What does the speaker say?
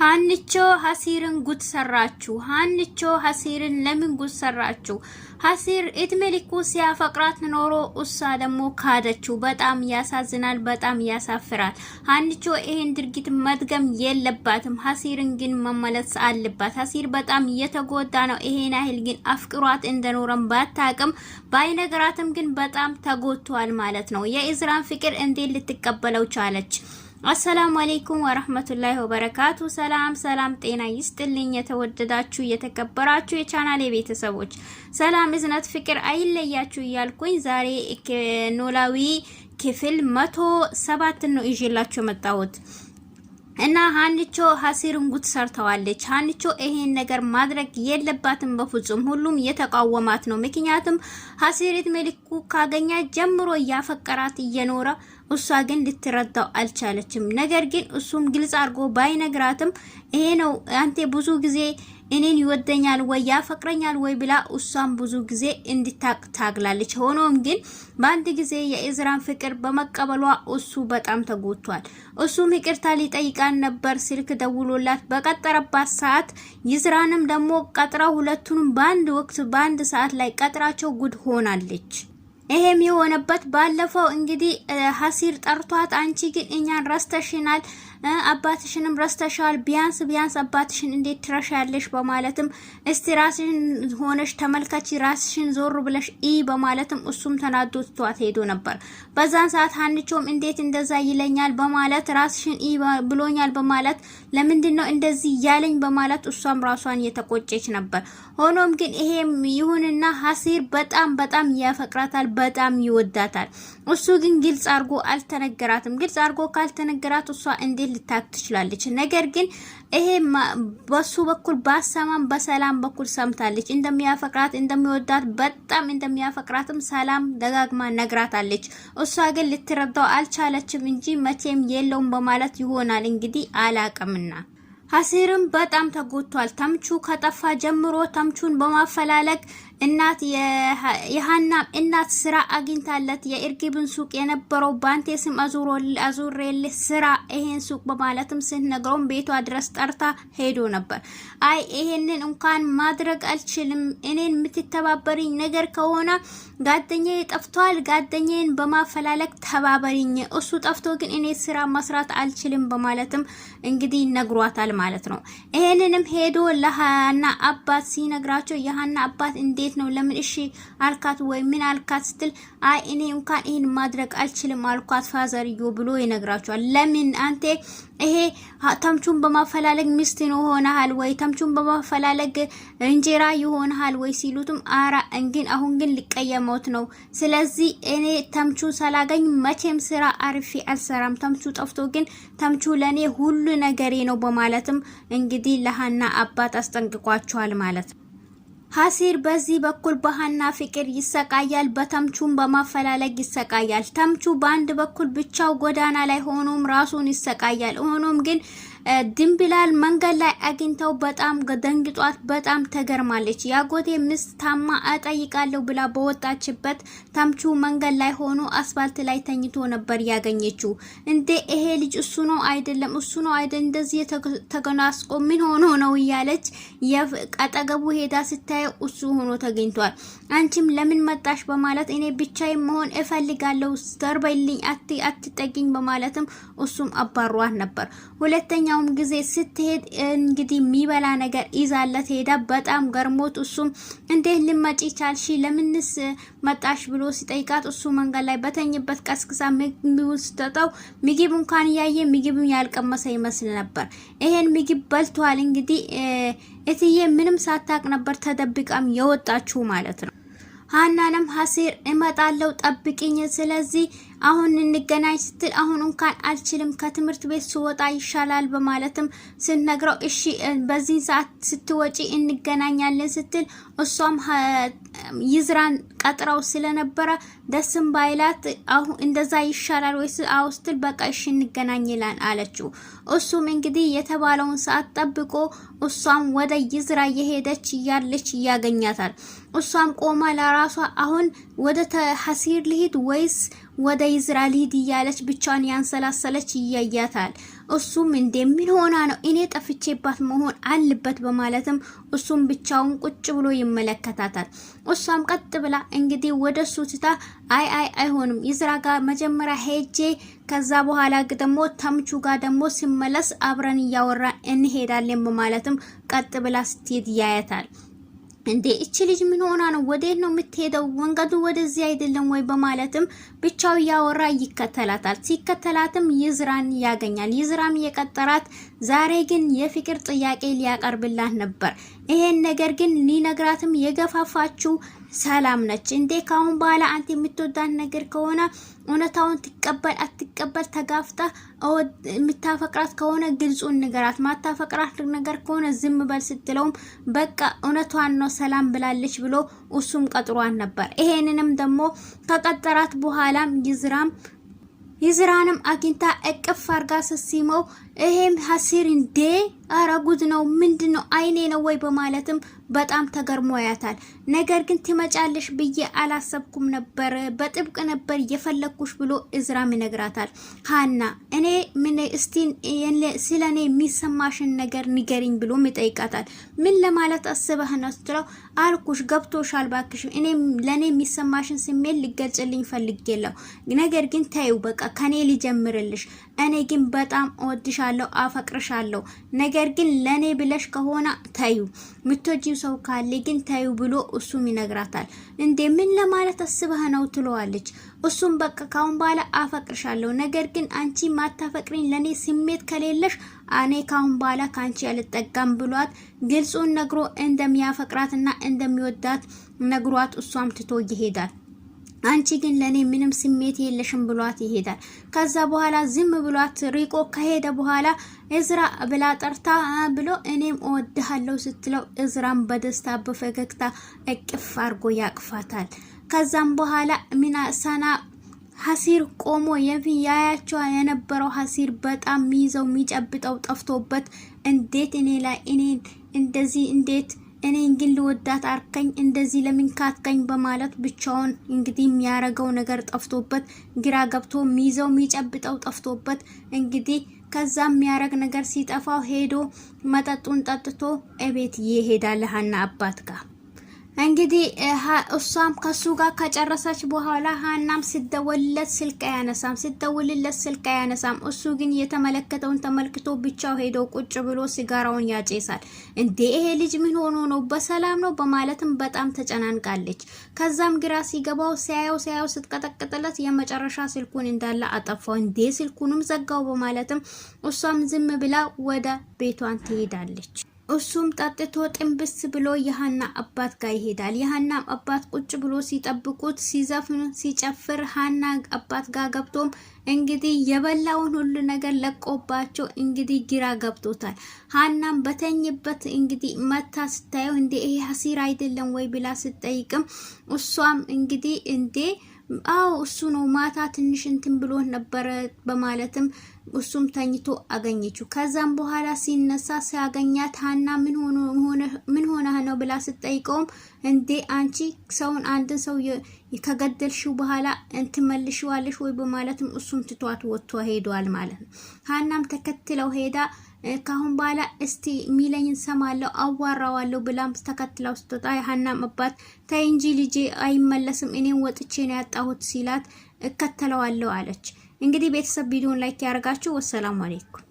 ሀንቾ ሀሲርን ጉድ ሰራችሁ። ሀንቾ ሀሲርን ለምን ጉድ ሰራችሁ? ሀሲር ኢትሜሊኩ ሲያፈቅራት ኖሮ እሷ ደግሞ ካደችው። በጣም ያሳዝናል፣ በጣም ያሳፍራል። ሀንቾ ይሄን ድርጊት መድገም የለባትም። ሀሲርን ግን መመለስ አለባት። ሀሲር በጣም እየተጎዳ ነው። ይሄን ያህል ግን አፍቅሯት እንደኖረም ባታቅም ባይነግራትም ግን በጣም ተጎድቷል ማለት ነው። የኢዝራን ፍቅር እንዴት ልትቀበለው ቻለች? አሰላሙ አሌይኩም ወረህመቱላሂ ወበረካቱ። ሰላም ሰላም፣ ጤና ይስጥልኝ። የተወደዳችሁ የተከበራችሁ የቻናሌ ቤተሰቦች ሰላም፣ እዝነት፣ ፍቅር አይለያችሁ እያልኩኝ ዛሬ ኖላዊ ክፍል መቶ ሰባት ነው ይዤላችሁ መጣሁት። እና ሀንቾ ሀሲርን ጉት ሰርተዋለች። ሀንቾ ይሄን ነገር ማድረግ የለባትም በፍጹም። ሁሉም የተቃወማት ነው። ምክንያቱም ሀሲሪት መልኩ ካገኛ ጀምሮ እያፈቀራት እየኖረ እሷ ግን ልትረዳው አልቻለችም። ነገር ግን እሱም ግልጽ አድርጎ ባይነግራትም ይሄ ነው አንቴ ብዙ ጊዜ እኔን ይወደኛል ወይ ያፈቅረኛል ወይ ብላ እሷን ብዙ ጊዜ እንድታቅ ታግላለች። ሆኖም ግን በአንድ ጊዜ የኢዝራን ፍቅር በመቀበሏ እሱ በጣም ተጎድቷል። እሱም ይቅርታ ሊጠይቃን ነበር ስልክ ደውሎላት በቀጠረባት ሰዓት ይዝራንም ደግሞ ቀጥራ ሁለቱንም በአንድ ወቅት በአንድ ሰዓት ላይ ቀጥራቸው ጉድ ሆናለች። ይሄም የሆነበት ባለፈው እንግዲህ ሀሲር ጠርቷት አንቺ ግን እኛን ረስተሽናል አባትሽንም ረስተሻል። ቢያንስ ቢያንስ አባትሽን እንዴት ትረሻለሽ? በማለትም እስቲ ራስሽን ሆነሽ ተመልካች ራስሽን ዞር ብለሽ ኢ በማለትም እሱም ተናዶ ትቷት ሄዶ ነበር። በዛን ሰዓት ሀንቾም እንዴት እንደዛ ይለኛል በማለት ራስሽን ኢ ብሎኛል በማለት ለምንድን ነው እንደዚህ ያለኝ በማለት እሷም ራሷን የተቆጨች ነበር። ሆኖም ግን ይሄም ይሁንና ሀሲር በጣም በጣም ያፈቅራታል፣ በጣም ይወዳታል። እሱ ግን ግልጽ አድርጎ አልተነገራትም። ግልጽ አድርጎ ካልተነገራት እሷ እንዴት ልታክ ትችላለች? ነገር ግን ይሄ በሱ በኩል ባሰማም በሰላም በኩል ሰምታለች እንደሚያፈቅራት እንደሚወዳት በጣም እንደሚያፈቅራትም ሰላም ደጋግማ ነግራታለች። እሷ ግን ልትረዳው አልቻለችም እንጂ መቼም የለውም በማለት ይሆናል እንግዲህ አላቅምና ሀሲርም በጣም ተጎድቷል። ተምቹ ከጠፋ ጀምሮ ተምቹን በማፈላለግ እናት የሀናም እናት ስራ አግኝታለት የእርግብን ሱቅ የነበረው ባንቴ ስም አዙሬል ስራ ይሄን ሱቅ በማለትም ስትነግረውም ቤቷ ድረስ ጠርታ ሄዶ ነበር። አይ ይሄንን እንኳን ማድረግ አልችልም፣ እኔን የምትተባበሪኝ ነገር ከሆነ ጋደኛ ጠፍቷል፣ ጋደኛን በማፈላለግ ተባበሪኝ፣ እሱ ጠፍቶ ግን እኔ ስራ መስራት አልችልም በማለትም እንግዲህ ነግሯታል ማለት ነው። ይሄንንም ሄዶ ለሀና አባት ሲነግራቸው የሀና አባት እንዴት እንዴት ነው ለምን እሺ አልካት ወይ ምን አልካት ስትል አይ እኔ እንኳን ይህን ማድረግ አልችልም አልኳት ፋዘርዮ ብሎ ይነግራቸዋል። ለምን አንተ ይሄ ተምቹን በማፈላለግ ሚስት ይሆናል ወይ ተምቹን በማፈላለግ እንጀራ ይሆናል ወይ ሲሉትም አራ እንግን አሁን ግን ሊቀየመውት ነው። ስለዚህ እኔ ተምቹ ሳላገኝ መቼም ስራ አርፌ አልሰራም። ተምቹ ጠፍቶ ግን ተምቹ ለኔ ሁሉ ነገሬ ነው በማለትም እንግዲህ ለሀና አባት አስጠንቅቋቸዋል ማለት ነው። ሀሲር በዚህ በኩል በሀና ፍቅር ይሰቃያል፣ በተምቹም በማፈላለግ ይሰቃያል። ተምቹ በአንድ በኩል ብቻው ጎዳና ላይ ሆኖም ራሱን ይሰቃያል። ሆኖም ግን ድንብላል መንገድ ላይ አግኝተው በጣም ደንግጧት በጣም ተገርማለች። ያጎቴ ሚስት ታማ እጠይቃለሁ ብላ በወጣችበት ታምቹ መንገድ ላይ ሆኖ አስፋልት ላይ ተኝቶ ነበር ያገኘችው። እንዴ ይሄ ልጅ እሱ ነው አይደለም፣ እሱ ነው አይደለም፣ እንደዚህ ተገናስቆ ምን ሆኖ ነው እያለች አጠገቡ ሄዳ ስታየው እሱ ሆኖ ተገኝቷል። አንቺም ለምን መጣሽ በማለት እኔ ብቻዬ መሆን እፈልጋለሁ፣ ተርበይልኝ፣ አትጠጊኝ በማለትም እሱም አባሯት ነበር ሁለተኛ በማንኛውም ጊዜ ስትሄድ እንግዲህ የሚበላ ነገር ይዛለት ሄዳ በጣም ገርሞት እሱም እንዴት ልመጪ ቻልሽ ለምንስ መጣሽ ብሎ ሲጠይቃት እሱ መንገድ ላይ በተኝበት ቀስቅሳ ምግቡን ስትጠጣው ምግብ እንኳን እያየ ምግብ ያልቀመሰ ይመስል ነበር። ይሄን ምግብ በልቷል። እንግዲህ እትዬ ምንም ሳታቅ ነበር ተደብቃም የወጣችሁ ማለት ነው። ሀናንም ሀሴር እመጣለው ጠብቅኝ፣ ስለዚህ አሁን እንገናኝ ስትል አሁን እንኳን አልችልም ከትምህርት ቤት ስወጣ ይሻላል በማለትም ስትነግረው እሺ በዚህ ሰዓት ስትወጪ እንገናኛለን ስትል እሷም ይዝራን ቀጥረው ስለነበረ ደስም ባይላት አሁን እንደዛ ይሻላል ወይስ አዎ ስትል በቃ እሺ እንገናኝ ይላል አለችው። እሱም እንግዲህ የተባለውን ሰዓት ጠብቆ እሷም ወደ ይዝራ የሄደች እያለች ያገኛታል። እሷም ቆማ ለራሷ አሁን ወደ ሀሲር ልሂድ ወይስ ወደ ኢዝራኤል ሂድ እያለች ብቻዋን ያንሰላሰለች ይያያታል። እሱም እንዴ ምን ሆና ነው እኔ ጠፍቼባት መሆን አለበት በማለትም እሱም ብቻውን ቁጭ ብሎ ይመለከታታል። እሷም ቀጥ ብላ እንግዲህ ወደ እሱ ትታ አይ አይ አይሆንም ይዝራ ጋር መጀመሪያ ሄጄ ከዛ በኋላ ደግሞ ተምቹ ጋር ደግሞ ሲመለስ አብረን እያወራ እንሄዳለን በማለትም ቀጥ ብላ ስትሄድ ያያታል። እንዴ እቺ ልጅ ምን ሆና ነው? ወዴት ነው የምትሄደው? መንገዱ ወደዚህ አይደለም ወይ? በማለትም ብቻው እያወራ ይከተላታል። ሲከተላትም ይዝራን ያገኛል። ይዝራም የቀጠራት ዛሬ ግን የፍቅር ጥያቄ ሊያቀርብላት ነበር። ይሄን ነገር ግን ሊነግራትም የገፋፋችው ሰላም ነች እንዴ? ካሁን በኋላ አንተ የምትወዳት ነገር ከሆነ እውነታውን ትቀበል አትቀበል፣ ተጋፍታ የምታፈቅራት ከሆነ ግልጹን ንገራት። ማታፈቅራት ነገር ከሆነ ዝም በል ስትለውም በቃ እውነቷን ነው ሰላም ብላለች ብሎ እሱም ቀጥሯን ነበር። ይሄንንም ደግሞ ከቀጠራት በኋላም ይዝራም ይዝራንም አግኝታ እቅፍ አርጋ ስሲመው ይሄም ሀሲር እንዴ እረ ጉድ ነው ምንድን ነው አይኔ ነው ወይ በማለትም በጣም ተገርሞ ያታል። ነገር ግን ትመጫለሽ ብዬ አላሰብኩም ነበር፣ በጥብቅ ነበር የፈለግኩሽ ብሎ እዝራም ይነግራታል። ሀና እኔ ምን እስቲ ስለ እኔ የሚሰማሽን ነገር ንገሪኝ ብሎም ይጠይቃታል። ምን ለማለት አስበህ ነው ስትለው አልኩሽ ገብቶሻል ባክሽ፣ እኔ ለእኔ የሚሰማሽን ስሜት ልገልጽልኝ ፈልጌለሁ፣ ነገር ግን ተይው በቃ ከኔ ሊጀምርልሽ እኔ ግን በጣም እወድሻለሁ፣ አፈቅርሻለሁ። ነገር ግን ለኔ ብለሽ ከሆነ ተዩ፣ ምትወጂው ሰው ካለ ግን ተዩ ብሎ እሱም ይነግራታል። እንዴ ምን ለማለት አስበህ ነው ትለዋለች። እሱም በቃ ካሁን በኋላ አፈቅርሻለሁ፣ ነገር ግን አንቺ ማታፈቅሪኝ ለኔ ስሜት ከሌለሽ እኔ ካሁን በኋላ ከአንቺ ያልጠጋም ብሏት ግልጹን ነግሮ እንደሚያፈቅራትና እንደሚወዳት ነግሯት እሷም ትቶ ይሄዳል። አንቺ ግን ለእኔ ምንም ስሜት የለሽም ብሏት ይሄዳል። ከዛ በኋላ ዝም ብሏት ሪቆ ከሄደ በኋላ እዝራ ብላ ጠርታ ብሎ እኔም እወድሃለሁ ስትለው እዝራም በደስታ በፈገግታ እቅፍ አርጎ ያቅፋታል። ከዛም በኋላ ሚናሳና ሀሲር ቆሞ ያያቸው የነበረው ሀሲር በጣም ሚይዘው የሚጨብጠው ጠፍቶበት እንዴት እኔ ላይ እኔን እንደዚህ እንዴት እኔን ግን ልወዳት አርከኝ እንደዚህ ለምን ካትከኝ በማለት ብቻውን እንግዲህ የሚያረገው ነገር ጠፍቶበት ግራ ገብቶ ሚይዘው የሚጨብጠው ጠፍቶበት እንግዲህ ከዛ የሚያረግ ነገር ሲጠፋው ሄዶ መጠጡን ጠጥቶ እቤት ይሄዳል ሀና አባት ጋር እንግዲህ እሷም ከሱ ጋር ከጨረሰች በኋላ ሀናም ስደወልለት ስልክ አያነሳም፣ ስደውልለት ስልክ አያነሳም። እሱ ግን የተመለከተውን ተመልክቶ ብቻው ሄደው ቁጭ ብሎ ሲጋራውን ያጨሳል። እንዴ ይሄ ልጅ ምን ሆኖ ነው? በሰላም ነው? በማለትም በጣም ተጨናንቃለች። ከዛም ግራ ሲገባው ሲያየው ሲያየው ስትቀጠቅጥለት የመጨረሻ ስልኩን እንዳለ አጠፋው። እንዴ ስልኩንም ዘጋው በማለትም እሷም ዝም ብላ ወደ ቤቷን ትሄዳለች። እሱም ጠጥቶ ጥንብስ ብሎ የሀና አባት ጋር ይሄዳል። የሀናም አባት ቁጭ ብሎ ሲጠብቁት ሲዘፍን ሲጨፍር ሀና አባት ጋር ገብቶም እንግዲህ የበላውን ሁሉ ነገር ለቆባቸው እንግዲህ ግራ ገብቶታል። ሀናም በተኝበት እንግዲህ መታ ስታየው እንዴ ይሄ ሀሲር አይደለም ወይ ብላ ስጠይቅም እሷም እንግዲህ እንዴ አዎ እሱ ነው ማታ ትንሽ እንትን ብሎ ነበረ በማለትም እሱም ተኝቶ አገኘችው። ከዛም በኋላ ሲነሳ ሲያገኛት ሀና ምን ሆነህ ነው ብላ ስትጠይቀውም እንዴ አንቺ ሰውን አንድን ሰው ከገደልሽው በኋላ እንትመልሽዋለሽ ወይ በማለትም እሱም ትቷት ወጥቶ ሄዷል ማለት ነው። ሀናም ተከትለው ሄዳ ካሁን በኋላ እስቲ ሚለኝን ሰማለሁ አዋራዋለሁ ብላም ተከትለው ስትወጣ የሀናም አባት ተይ እንጂ ልጄ አይመለስም፣ እኔም ወጥቼ ነው ያጣሁት ሲላት እከተለዋለሁ አለች። እንግዲህ ቤተሰብ ቪዲዮን ላይክ ያደርጋችሁ። ወሰላሙ አሌይኩም